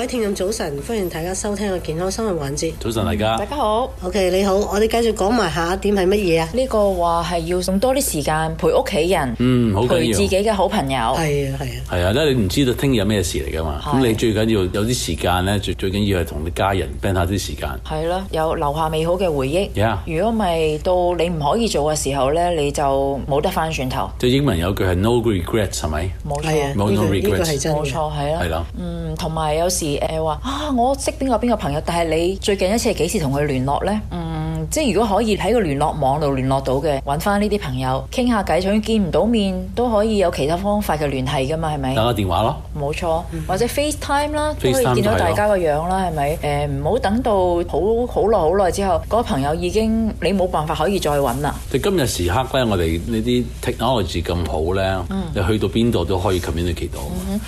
各位聽眾早晨，歡迎大家收聽我健康生活環節。早晨大家，大家好。OK，你好，我哋繼續講埋下一點係乜嘢啊？呢個話係要送多啲時間陪屋企人，嗯，陪自己嘅好朋友，係啊係啊，係啊，因為唔知道聽日有咩事嚟噶嘛。咁你最緊要有啲時間咧，最最緊要係同你家人 spend 下啲時間。係啦，有留下美好嘅回憶。如果唔係到你唔可以做嘅時候咧，你就冇得翻轉頭。即係英文有句係 no regrets，係咪？冇錯，冇 no regrets，冇錯係啦。係啦，嗯，同埋有時。誒話啊，我識邊個邊個朋友，但係你最近一次係幾時同佢聯絡咧？嗯。即係如果可以喺個聯絡網度聯絡到嘅，揾翻呢啲朋友傾下偈，就算見唔到面都可以有其他方法嘅聯繫噶嘛，係咪？打個電話咯，冇錯，嗯、或者 FaceTime 啦，FaceTime 都可以見到大家個樣啦，係咪？誒唔好等到好好耐好耐之後，嗰個朋友已經你冇辦法可以再揾啦。即今日時刻咧，我哋呢啲 technology 咁好咧，嗯、你去到邊度都可以 communicate 到。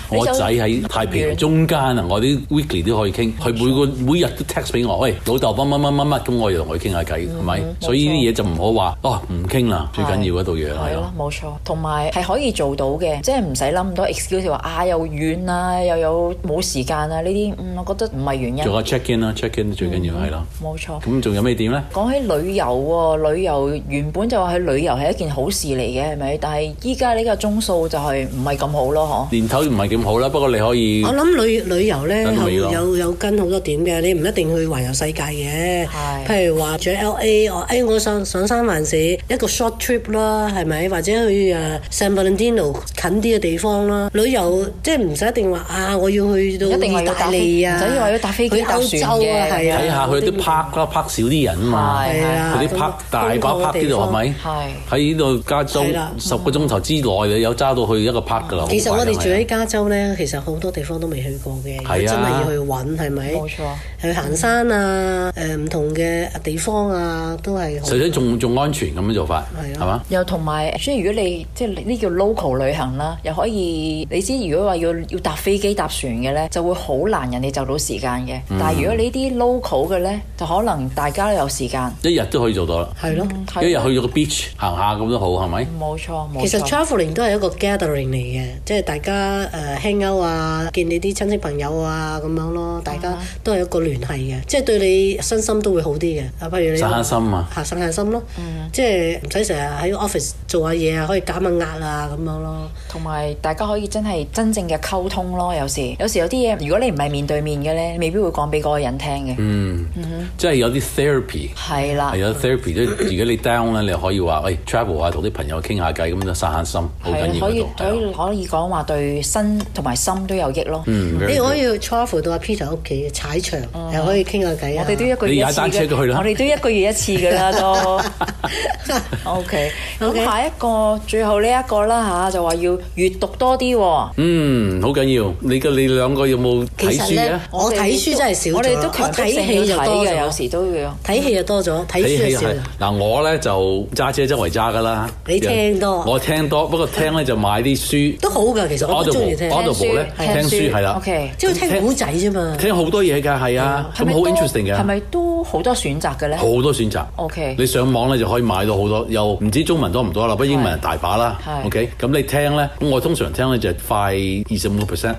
我仔喺太平洋中間啊，我啲 weekly 都可以傾，佢每個每日都 text 俾我，喂老豆，乜乜乜乜乜，咁我又同佢傾下偈。係咪？所以呢啲嘢就唔好話哦，唔傾啦。最緊要嗰度嘢係咯，冇錯。同埋係可以做到嘅，即係唔使諗咁多 excuse，話啊又遠啊，又有冇時間啊呢啲。嗯，我覺得唔係原因。做個 check in 啦，check in 最緊要係咯。冇錯。咁仲有咩點咧？講起旅遊，旅遊原本就話去旅遊係一件好事嚟嘅，係咪？但係依家呢個鐘數就係唔係咁好咯，嗬。年頭唔係咁好啦，不過你可以。我諗旅旅遊咧，有有有跟好多點嘅，你唔一定去環遊世界嘅。係。譬如話，著。A 我上上山還是一個 short trip 啦，係咪？或者去誒 San Valentino 近啲嘅地方啦。旅遊即係唔使一定話啊！我要去到意大利啊，一定要搭飛機，唔使話要搭飛機去歐洲啊。係啊，睇下佢啲 park 啦 park 少啲人啊嘛。係啊，佢啲 park 大把 park 呢度係咪？喺呢度加州十個鐘頭之內，有揸到去一個 park 噶啦。其實我哋住喺加州咧，其實好多地方都未去過嘅。係啊，真係要去揾係咪？冇錯，去行山啊，誒唔同嘅地方。啊，都係，除細仲仲安全咁樣做法，係啊，係嘛吧？又同埋，即係如果你即係呢叫 local 旅行啦，又可以你知，如果話要要搭飛機搭船嘅咧，就會好難人哋就到時間嘅。嗯、但係如果你啲 local 嘅咧，就可能大家都有時間、嗯、一日都可以做到啦。係咯、啊，嗯、一日去咗個 beach 行下咁都好，係咪？冇錯，冇錯。其實 travelling 都係一個 gathering 嚟嘅，即係大家誒 hang out 啊，見你啲親戚朋友啊咁樣咯，啊、大家都係一個聯繫嘅，即係對你身心都會好啲嘅。啊，不如你。散下心啊！吓，散下心咯，即係唔使成日喺 office 做下嘢啊，可以減下壓啊咁樣咯。同埋大家可以真係真正嘅溝通咯，有時有時有啲嘢如果你唔係面對面嘅咧，未必會講俾嗰個人聽嘅。嗯，即係有啲 therapy 係啦，有啲 therapy 即係如果你 down 咧，你可以話：喂 travel 啊，同啲朋友傾下偈咁就散下心，好緊要喎。係可以，可以講話對身同埋心都有益咯。嗯，你可以 travel 到阿 Peter 屋企踩場，又可以傾下偈啊。我哋都一個。你踩單車都去啦，我哋都一個。一次噶啦，都 OK。咁下一個，最後呢一個啦吓，就話要閱讀多啲。嗯，好緊要。你嘅你兩個有冇睇書啊？我睇書真係少，我哋都睇戲又多嘅，有時都睇戲就多咗，睇書少。嗱，我咧就揸車周圍揸噶啦。你聽多，我聽多。不過聽咧就買啲書都好噶，其實我中意聽書。聽書係啦，OK，即係聽古仔啫嘛。聽好多嘢噶，係啊，咁好 interesting 嘅。係咪都好多選擇嘅咧？好多選擇，Okay. 你上網咧就可以買到好多，又唔知中文多唔多啦，不過英文係大把啦。OK，咁你聽咧，咁我通常聽咧就係快二十五個 percent，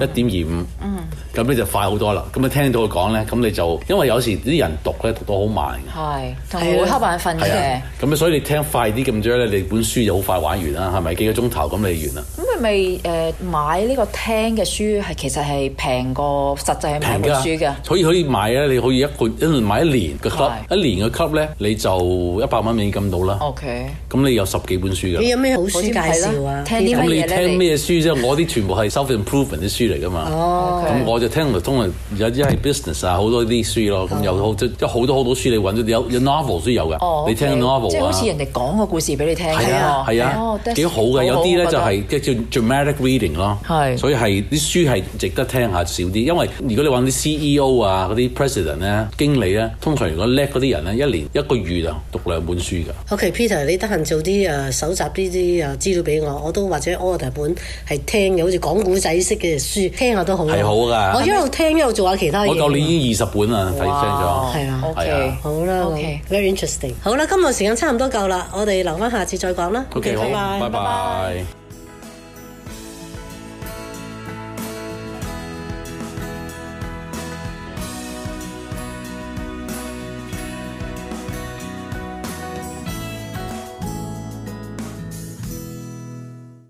一點二五。Mm. 咁你就快好多啦。咁你聽到佢講咧，咁你就因為有時啲人讀咧讀到好慢嘅，係同埋會瞌眼瞓嘅。咁的所以你聽快啲咁啫，你本書就好快玩完啦，係咪幾個鐘頭咁你完啦？咁你咪誒、呃、買呢個聽嘅書係其實係平過實際買本書嘅？平㗎，所以可以買呢，你可以一個買一年嘅 club 一年嘅 club 咧你就一百蚊美金到啦。OK，咁你有十幾本書㗎。你有咩好書好介紹啊？啲咁你聽咩書啫？ 我啲全部係 self-improvement 啲書嚟㗎嘛。咁、oh, okay. 我就。聽落通常有啲係 business 啊，好多啲書咯，咁有好即好多好多書你揾咗有有 novel 都有嘅，oh, okay. 你聽 novel 啊，即係好似人哋講個故事俾你聽，係啊係啊幾、啊啊 oh, 好嘅，好有啲咧就係即叫 dramatic reading 咯，所以係啲書係值得聽下少啲，因為如果你揾啲 CEO 啊嗰啲 president 咧，經理咧，通常如果叻嗰啲人咧，一年一個月啊讀兩本書㗎。OK，Peter，okay, 你得閒做啲啊搜集啲啲啊資料俾我，我都或者 order 本係聽嘅，好似講古仔式嘅書聽下都好。係好㗎。我一路聽一路做下其他嘢。我當你已經二十本啦，睇清楚。係啊，OK 好啦，very OK interesting。好啦，今日時間差唔多夠啦，我哋留翻下，下次再講啦。OK，他好，拜拜。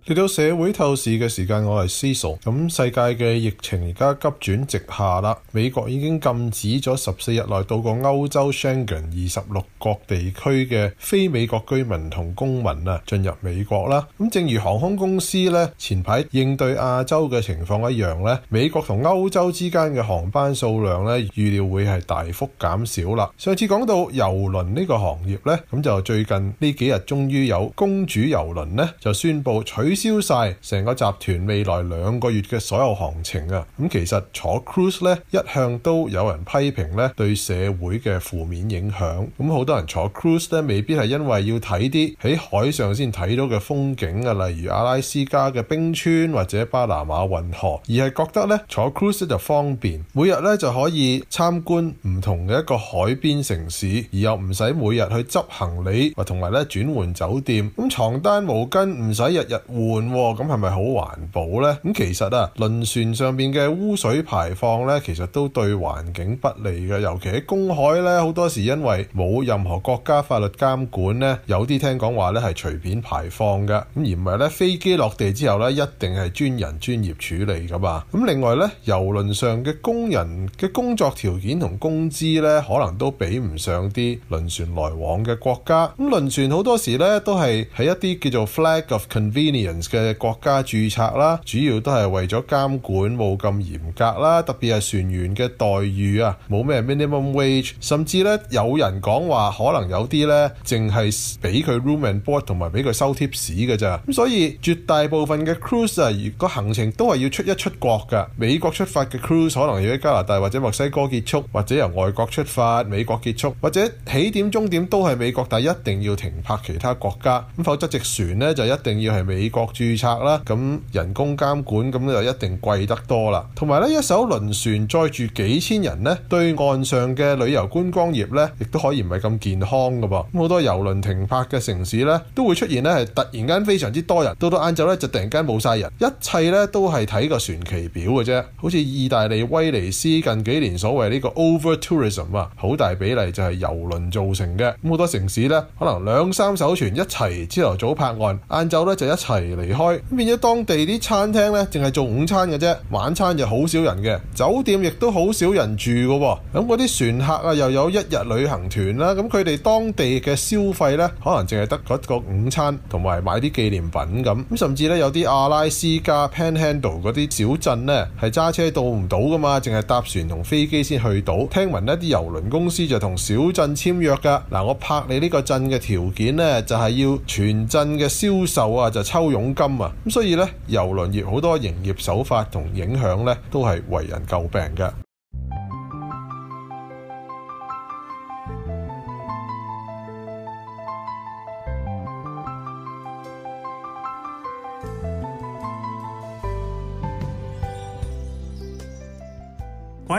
嚟到社會透視嘅時間，我係 Cecil。咁世界嘅疫情而家急轉直下啦。美國已經禁止咗十四日內到過歐洲、Schengen 二十六國地區嘅非美國居民同公民啊進入美國啦。咁正如航空公司咧前排應對亞洲嘅情況一樣咧，美國同歐洲之間嘅航班數量咧預料會係大幅減少啦。上次講到遊輪呢個行業咧，咁就最近呢幾日終於有公主遊輪咧就宣布取消曬成個集團未來兩個月嘅所有行程啊！咁其實坐 cruise 咧一向都有人批評咧，對社會嘅負面影響，咁好多人坐 cruise 咧未必係因為要睇啲喺海上先睇到嘅風景啊，例如阿拉斯加嘅冰川或者巴拿馬運河，而係覺得咧坐 cruise 就方便，每日咧就可以參觀唔同嘅一個海邊城市，而又唔使每日去執行李或同埋咧轉換酒店。咁床單毛巾唔使日日換換咁係咪好環保呢？咁其實啊，輪船上邊嘅污水排放呢，其實都對環境不利嘅。尤其喺公海呢，好多時因為冇任何國家法律監管呢，有啲聽講話呢係隨便排放㗎。咁、嗯、而唔係呢，飛機落地之後呢，一定係專人專業處理㗎嘛。咁、嗯、另外呢，遊輪上嘅工人嘅工作條件同工資呢，可能都比唔上啲輪船來往嘅國家。咁、嗯嗯、輪船好多時呢，都係喺一啲叫做 flag of convenience 嘅國家註冊啦，主要都係為咗監管冇咁嚴格啦，特別係船員嘅待遇啊，冇咩 minimum wage，甚至呢，有人講話可能有啲呢，淨係俾佢 room and board 同埋俾佢收貼士嘅咋，咁所以絕大部分嘅 cruise 啊，個行程都係要出一出國嘅。美國出發嘅 cruise 可能要喺加拿大或者墨西哥結束，或者由外國出發美國結束，或者起點終點都係美國，但一定要停泊其他國家，咁否則隻船呢，就一定要係美國。註冊啦，咁人工監管咁就一定貴得多啦。同埋呢一艘輪船載住幾千人呢，對岸上嘅旅遊觀光業呢，亦都可以唔係咁健康噶噃。咁好多遊輪停泊嘅城市呢，都會出現呢係突然間非常之多人，到到晏晝呢就突然間冇晒人，一切咧都係睇個船期表嘅啫。好似意大利威尼斯近幾年所謂呢個 over tourism 啊，好大比例就係遊輪造成嘅。咁好多城市呢，可能兩三艘船一齊朝頭早泊岸，晏晝呢就一齊。離開，咁變咗當地啲餐廳呢，淨係做午餐嘅啫，晚餐就好少人嘅。酒店亦都好少人住嘅。咁嗰啲船客啊，又有一日旅行團啦。咁佢哋當地嘅消費呢，可能淨係得嗰個午餐同埋買啲紀念品咁。咁甚至呢有啲阿拉斯加 Panhandle 嗰啲小鎮呢，係揸車到唔到㗎嘛，淨係搭船同飛機先去到。聽聞呢啲郵輪公司就同小鎮簽約㗎。嗱，我拍你呢個鎮嘅條件呢，就係要全鎮嘅銷售啊，就抽傭。傭金啊，咁所以咧，郵輪業好多營業手法同影響咧，都係為人詬病嘅。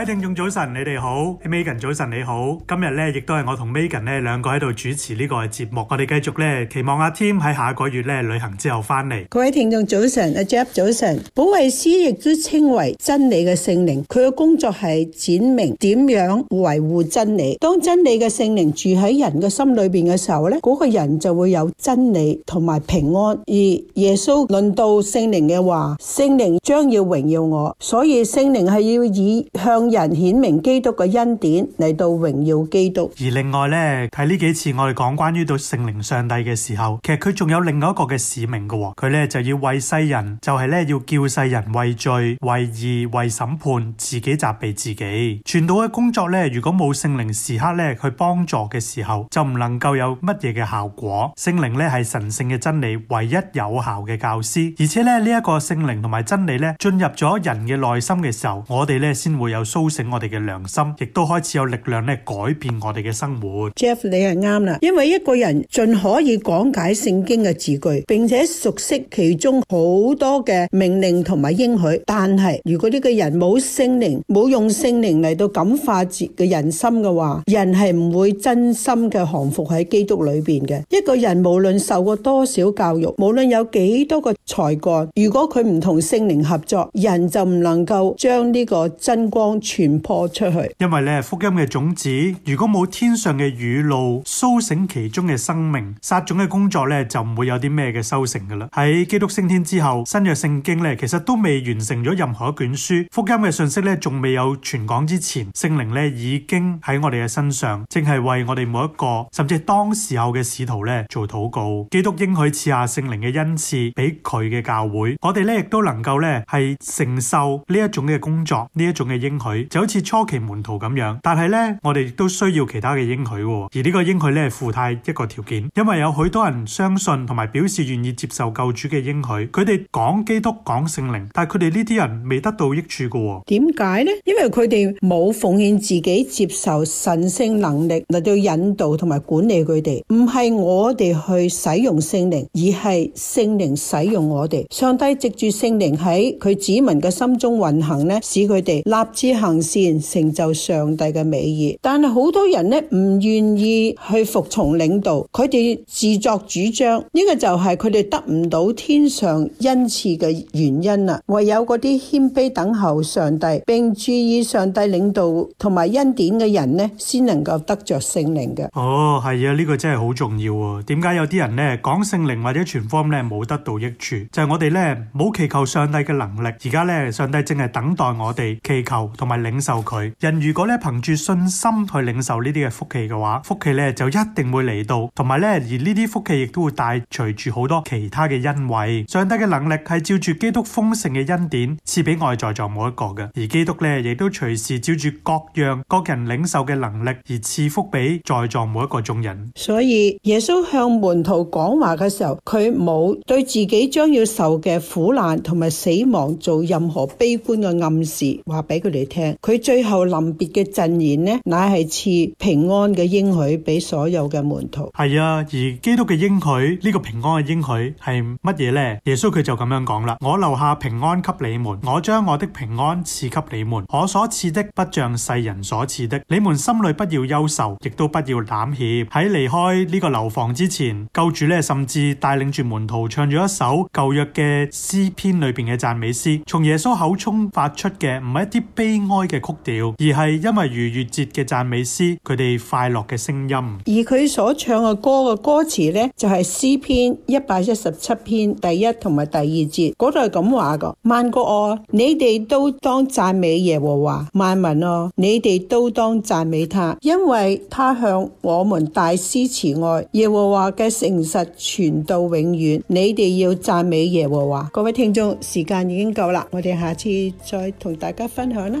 Hey, Megan, 啊、各位聽眾早晨，你哋好。Megan 早晨你好，今日咧亦都係我同 Megan 咧兩個喺度主持呢個節目，我哋繼續咧期望阿 Tim 喺下個月咧旅行之後翻嚟。各位聽眾早晨，阿 Jeff 早晨，保惠師亦都稱為真理嘅聖靈，佢嘅工作係展明點樣維護真理。當真理嘅聖靈住喺人嘅心裏邊嘅時候咧，嗰、那個人就會有真理同埋平安。而耶穌論到聖靈嘅話，聖靈將要榮耀我，所以聖靈係要以向人顯明基督嘅恩典嚟到榮耀基督。而另外咧，睇呢幾次我哋講關於到聖靈上帝嘅時候，其實佢仲有另外一個嘅使命嘅，佢咧就要為世人，就係咧要叫世人為罪、為義、為審判，自己責備自己。傳道嘅工作咧，如果冇聖靈時刻咧去幫助嘅時候，就唔能夠有乜嘢嘅效果。聖靈咧係神聖嘅真理，唯一有效嘅教師，而且咧呢一個聖靈同埋真理咧進入咗人嘅內心嘅時候，我哋咧先會有。高醒我哋嘅良心，亦都開始有力量咧改變我哋嘅生活。Jeff，你係啱啦，因為一個人盡可以講解聖經嘅字句，並且熟悉其中好多嘅命令同埋應許，但係如果呢個人冇聖靈，冇用聖靈嚟到感化自己嘅人心嘅話，人係唔會真心嘅降服喺基督裏邊嘅。一個人無論受過多少教育，無論有幾多個才幹，如果佢唔同聖靈合作，人就唔能夠將呢個真光，傳播出去，因為咧福音嘅種子，如果冇天上嘅雨露蘇醒其中嘅生命，撒種嘅工作咧就唔會有啲咩嘅收成噶啦。喺基督升天之後，新約聖經咧其實都未完成咗任何一卷書，福音嘅信息咧仲未有傳講之前，聖靈咧已經喺我哋嘅身上，正係為我哋每一個甚至當時候嘅使徒咧做禱告。基督應許賜下聖靈嘅恩賜俾佢嘅教會，我哋咧亦都能夠咧係承受呢一種嘅工作，呢一種嘅應許。就好似初期門徒咁樣，但係呢，我哋亦都需要其他嘅應許喎，而呢個應許呢，係附帶一個條件，因為有許多人相信同埋表示願意接受救主嘅應許，佢哋講基督，講聖靈，但係佢哋呢啲人未得到益處㗎喎，點解呢？因為佢哋冇奉獻自己接受神聖能力，嚟到引導同埋管理佢哋，唔係我哋去使用聖靈，而係聖靈使用我哋，上帝藉住聖靈喺佢子民嘅心中運行呢，使佢哋立志行行善成就上帝嘅美意，但係好多人咧唔願意去服從領導，佢哋自作主張，呢個就係佢哋得唔到天上恩賜嘅原因啦。唯有嗰啲謙卑等候上帝，並注意上帝領導同埋恩典嘅人咧，先能夠得着聖靈嘅。哦，係啊，呢個真係好重要啊！點解有啲人咧講聖靈或者傳福音咧冇得到益處？就係我哋咧冇祈求上帝嘅能力，而家咧上帝正係等待我哋祈求同。咪領受佢人，如果咧憑住信心去領受呢啲嘅福氣嘅話，福氣咧就一定會嚟到，同埋咧而呢啲福氣亦都會帶隨住好多其他嘅恩惠。上帝嘅能力係照住基督豐盛嘅恩典賜俾外在在座每一個嘅，而基督咧亦都隨時照住各樣各人領受嘅能力而賜福俾在座每一個眾人。所以耶穌向門徒講話嘅時候，佢冇對自己將要受嘅苦難同埋死亡做任何悲觀嘅暗示，話俾佢哋聽。佢最後臨別嘅贈言呢，乃係賜平安嘅應許俾所有嘅門徒。係啊，而基督嘅應許呢個平安嘅應許係乜嘢呢？耶穌佢就咁樣講啦：我留下平安給你們，我將我的平安賜給你們，我所賜的不像世人所賜的，你們心裏不要憂愁，亦都不要膽怯。喺離開呢個樓房之前，救主呢甚至帶領住門徒唱咗一首舊約嘅詩篇裏邊嘅讚美詩，從耶穌口中發出嘅唔係一啲悲哀嘅曲調，而係因為逾越節嘅讚美詩，佢哋快樂嘅聲音。而佢所唱嘅歌嘅歌詞呢，就係、是、詩篇一百一十七篇第一同埋第二節嗰度係咁話嘅：萬國哦，你哋都當讚美耶和華；萬民哦，你哋都當讚美他，因為他向我們大施慈愛。耶和華嘅誠實傳到永遠，你哋要讚美耶和華。各位聽眾，時間已經夠啦，我哋下次再同大家分享啦。